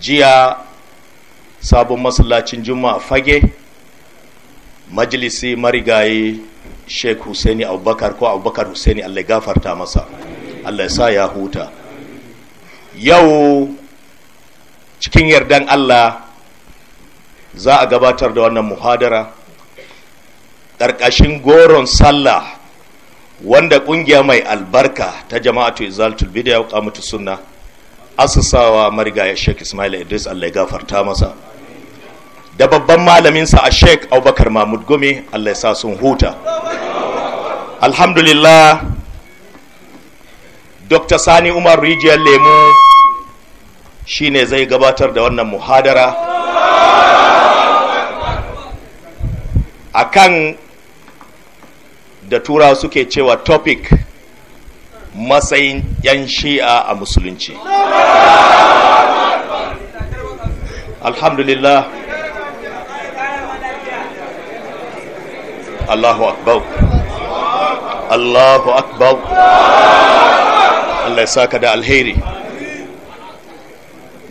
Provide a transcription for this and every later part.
jiya sabon masallacin juma'a fage majalisi marigayi Sheik husaini abubakar ko abubakar husaini allai gafarta masa allai sa ya huta yau cikin yardan allah za a gabatar da wannan muhadara ƙarƙashin goron sallah wanda ƙungiya mai albarka ta jama'atu izaltul bidiyar ƙamutu sunna asusawa ya sheik ismail idris allah gafarta masa da babban malaminsa a shek abubakar mahmud gome allah sa sun huta alhamdulillah dr sani umar rijiyar lemu shine zai gabatar da wannan muhadara akan da tura suke cewa topic matsayin 'yan shi'a a musulunci alhamdulillah allahu akbar allahu akbar allah ya saka da alheri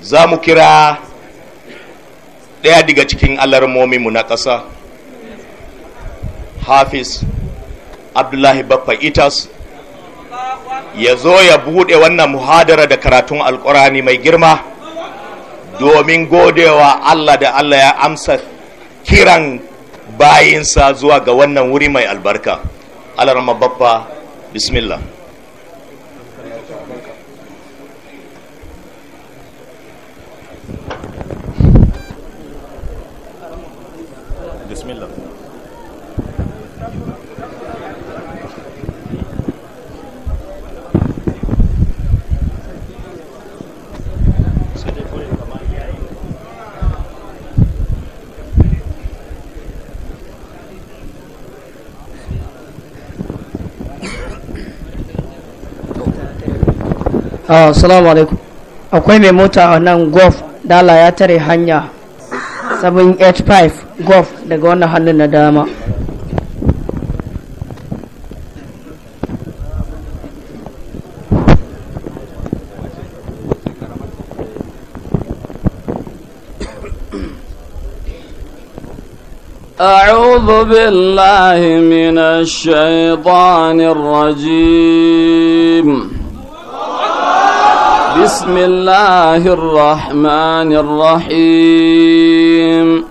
za mu kira ɗaya daga cikin alarmominmu na ƙasa hafiz abdullahi baffa itas ya zo ya buɗe wannan muhadara da karatun alkurani mai girma domin godewa Allah da Allah ya amsa kiran bayinsa zuwa ga wannan wuri mai albarka alarma babba bismillah Ah, assalamu alaikum akwai mai mota a nan golf dala ya tare hanya 785 golf daga wannan hannun na dama أعوذ بالله من الشيطان الرجيم بسم الله الرحمن الرحيم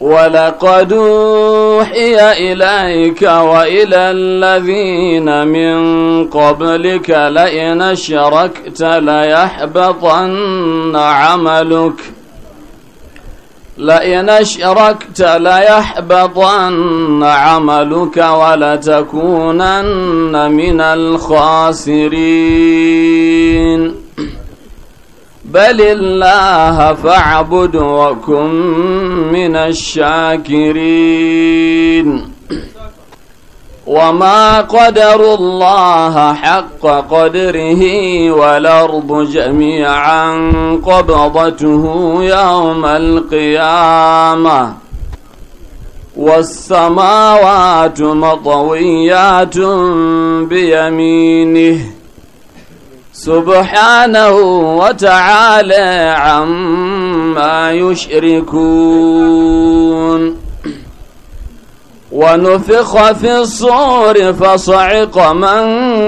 ولقد أوحي إليك وإلى الذين من قبلك لئن أشركت ليحبطن عملك ۖ لئن اشركت ليحبطن عملك ولتكونن من الخاسرين بل الله فاعبد وكن من الشاكرين وما قدر الله حق قدره والأرض جميعا قبضته يوم القيامة والسماوات مطويات بيمينه سبحانه وتعالى عما يشركون ونفخ في الصور فصعق من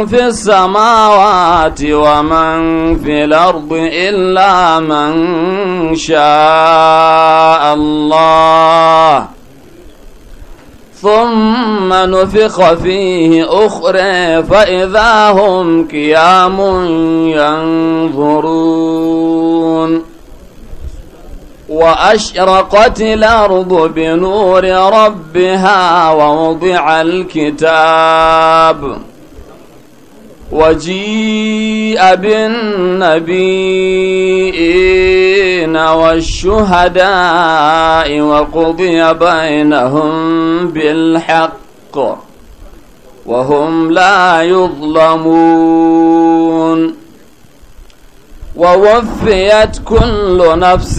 في السماوات ومن في الأرض إلا من شاء الله ثم نفخ فيه أخرى فإذا هم كيام ينظرون وأشرقت الأرض بنور ربها ووضع الكتاب وجيء بالنبيين والشهداء وقضي بينهم بالحق وهم لا يظلمون ووفيت كل نفس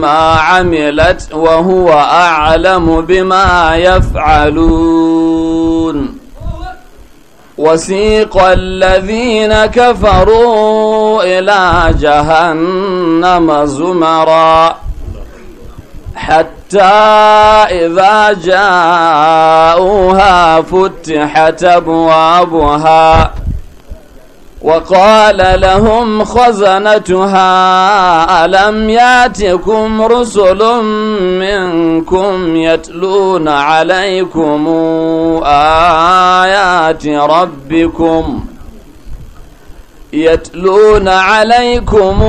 ما عملت وهو أعلم بما يفعلون وسيق الذين كفروا إلى جهنم زمرا حتى إذا جاءوها فتحت أبوابها وقال لهم خزنتها ألم ياتكم رسل منكم يتلون عليكم آيات ربكم يتلون عليكم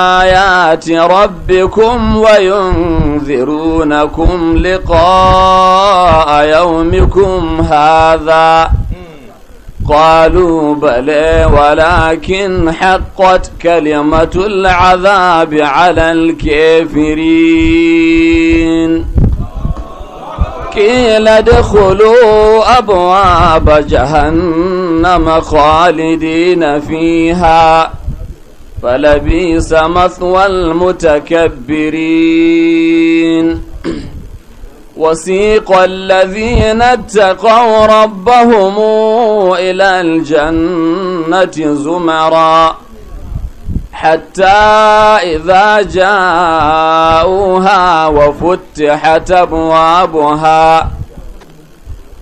آيات ربكم وينذرونكم لقاء يومكم هذا قالوا بلى ولكن حقت كلمة العذاب على الكافرين قيل ادخلوا أبواب جهنم خالدين فيها فلبيس مثوى المتكبرين وسيق الذين اتقوا ربهم إلى الجنة زمرا حتى إذا جاءوها وفتحت أبوابها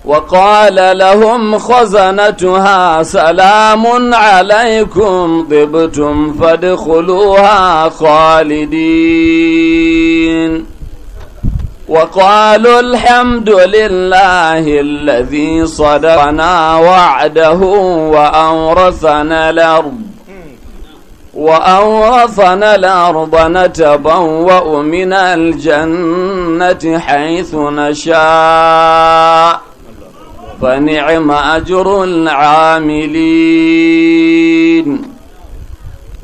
وقال لهم خزنتها سلام عليكم طبتم فادخلوها خالدين وقالوا الحمد لله الذي صدقنا وعده وأورثنا الأرض وأورثنا الأرض نتبوأ من الجنة حيث نشاء فنعم أجر العاملين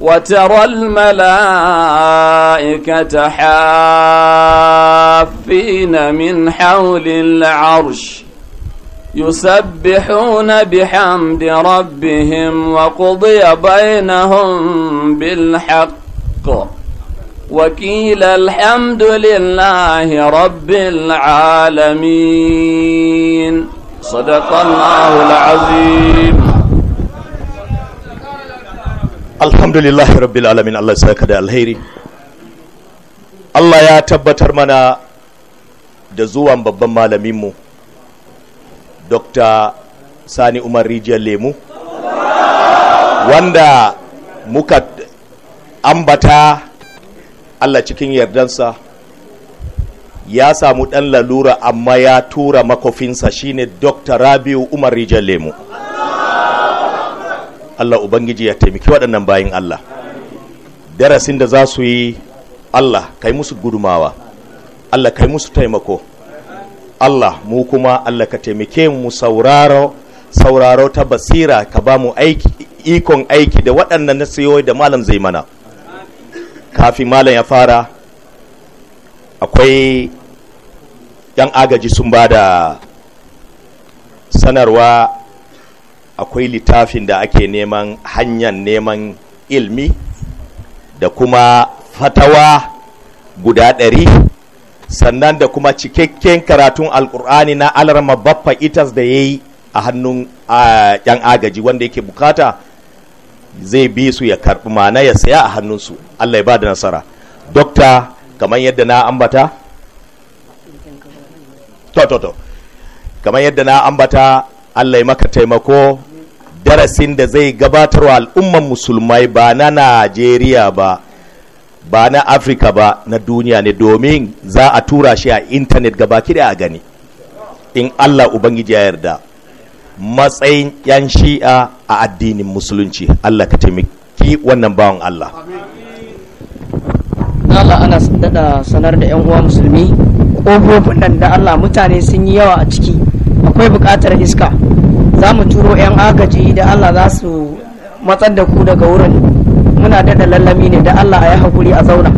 وترى الملائكة حافين من حول العرش يسبحون بحمد ربهم وقضي بينهم بالحق وكيل الحمد لله رب العالمين صدق الله العظيم alhamdulillah rabbil alamin Allah saka da alheri Allah ya tabbatar mana da zuwan babban malaminmu Dr. Sani Umar Rijiyar Lemu wanda muka ambata Allah cikin yardansa ya samu dan lalura amma ya tura makofinsa shine Dr. Rabiu Umar Rijiyar Lemu Allah Ubangiji ya taimaki waɗannan bayan Allah darasin da za su yi Allah kai musu gudumawa Allah kai musu taimako Allah mu kuma Allah ka taimake mu sauraro sauraro ta basira ka ba mu aiki ikon aiki da waɗannan na sayo da malam zai mana kafin malam ya fara akwai yan agaji sun ba da sanarwa akwai littafin da ake neman hanyar neman ilmi da kuma fatawa guda ɗari sannan da kuma cikakken karatun Alƙur'ani na alarma baffa itas da ya yi a hannun yan agaji wanda yake bukata zai bi su ya karɓi mana ya saya a hannunsu allah ya ba da nasara dokta kamar yadda na ambata to kamar yadda na ambata Allah ya maka taimako darasin da zai gabatarwa al'umman musulmai ba na Najeriya ba ba na Afirka ba na duniya ne domin za a tura shi a intanet gabaki da a gani in Allah Ubangiji ya yarda matsayin 'yan shi'a a addinin musulunci Allah ka taimaki wannan bawan Allah Allah ana sanar da 'yan uwa musulmi ƙofofin nan da Allah mutane sun yi yawa a ciki akwai buƙatar iska za mu turo 'yan agaji da allah za su matsar da ku daga wurin muna daɗa lallami ne da allah a yi haƙuri a zauna